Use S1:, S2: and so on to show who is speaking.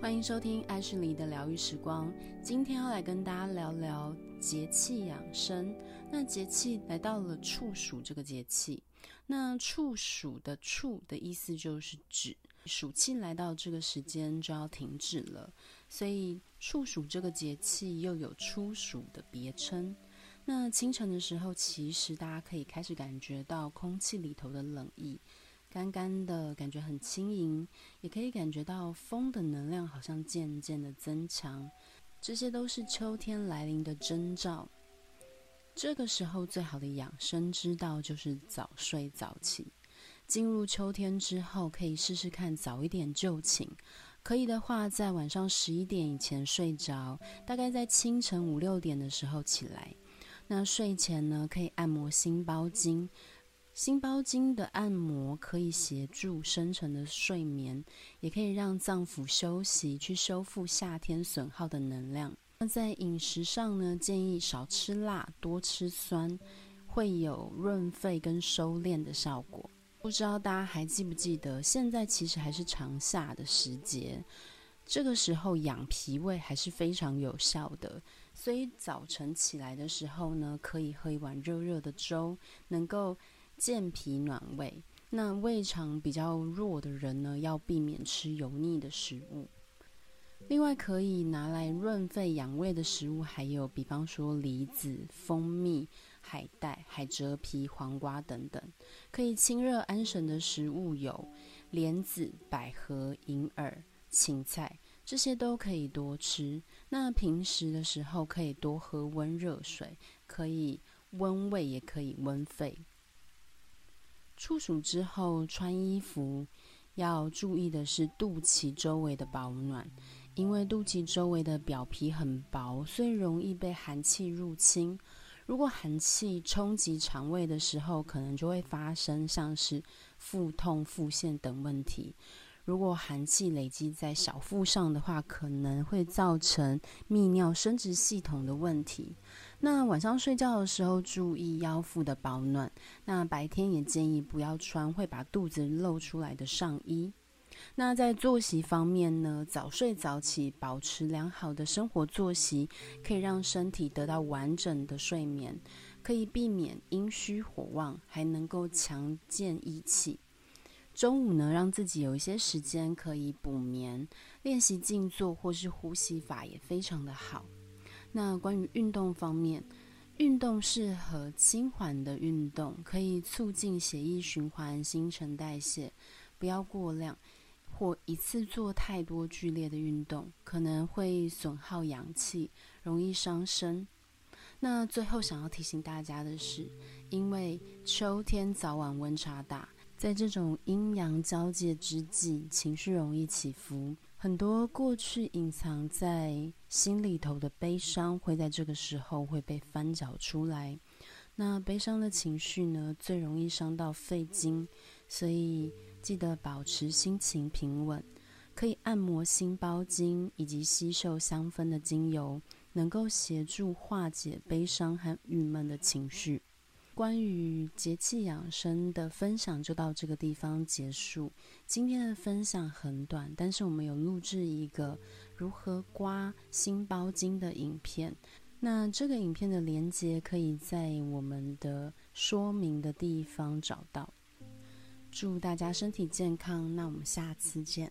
S1: 歡迎收聽愛旭黎的療癒時光。今天要來跟大家聊聊節氣養生。那節氣來到了處暑這個節氣，那處暑的處的意思就是止，暑氣來到這個時間就要停止了，所以處暑這個節氣又有出暑的別稱。那清晨的時候，其實大家可以開始感覺到空氣裡頭的冷意。乾干的感覺很輕盈，也可以感覺到風的能量好像漸漸的增強，這些都是秋天來臨的徵兆。這個時候最好的養生之道就是早睡早起。進入秋天之後，可以試試看早一點就寢，可以的話在晚上十一點以前睡着，大概在清晨五六點的時候起來。那睡前呢，可以按摩心包經。心包經的按摩可以協助深層的睡眠，也可以讓臟腑休息，去修復夏天損耗的能量。那在飲食上呢，建議少吃辣，多吃酸，會有潤肺跟收斂的效果。不知道大家還記不記得，現在其實還是長夏的時節，這個時候養脾胃還是非常有效的。所以早晨起來的時候呢，可以喝一碗熱熱的粥，能夠健脾暖胃，那胃腸比較弱的人呢，要避免吃油膩的食物。另外，可以拿來潤肺養胃的食物，還有比方說梨子、蜂蜜、海帶、海蜇皮、黃瓜等等。可以清熱安神的食物有蓮子、百合、銀耳、芹菜，這些都可以多吃。那平時的時候可以多喝溫熱水，可以溫胃，也可以溫肺。處暑之後，穿衣服要注意的是肚臍周圍的保暖，因為肚臍周圍的表皮很薄，所以容易被寒氣入侵。如果寒氣衝擊腸胃的時候，可能就會發生像是腹痛、腹瀉等問題。如果寒氣累積在小腹上的話，可能會造成泌尿生殖系統的問題。那晚上睡覺的時候，注意腰腹的保暖。那白天也建議不要穿會把肚子露出來的上衣。那在作息方面呢，早睡早起，保持良好的生活作息，可以讓身體得到完整的睡眠，可以避免陰虛火旺，還能夠強健益氣。中午呢，讓自己有一些時間可以補眠，練習靜坐或是呼吸法也非常的好。那關於運動方面，運動適合輕緩的運動，可以促進血液循環、新陳代謝，不要過量或一次做太多劇烈的運動，可能會損耗陽氣，容易傷身。那最後想要提醒大家的是，因為秋天早晚溫差大，在這種陰陽交界之際，情緒容易起伏。很多過去隱藏在心裡頭的悲傷，會在這個時候會被翻攪出來。那悲傷的情緒呢，最容易傷到肺經，所以記得保持心情平穩。可以按摩心包經，以及吸收香氛的精油，能夠協助化解悲傷和鬱悶的情緒。關於節氣養生的分享就到這個地方結束。今天的分享很短，但是我們有錄製一個如何刮心包經的影片，那這個影片的連接可以在我們的說明的地方找到。祝大家身體健康，那我們下次見。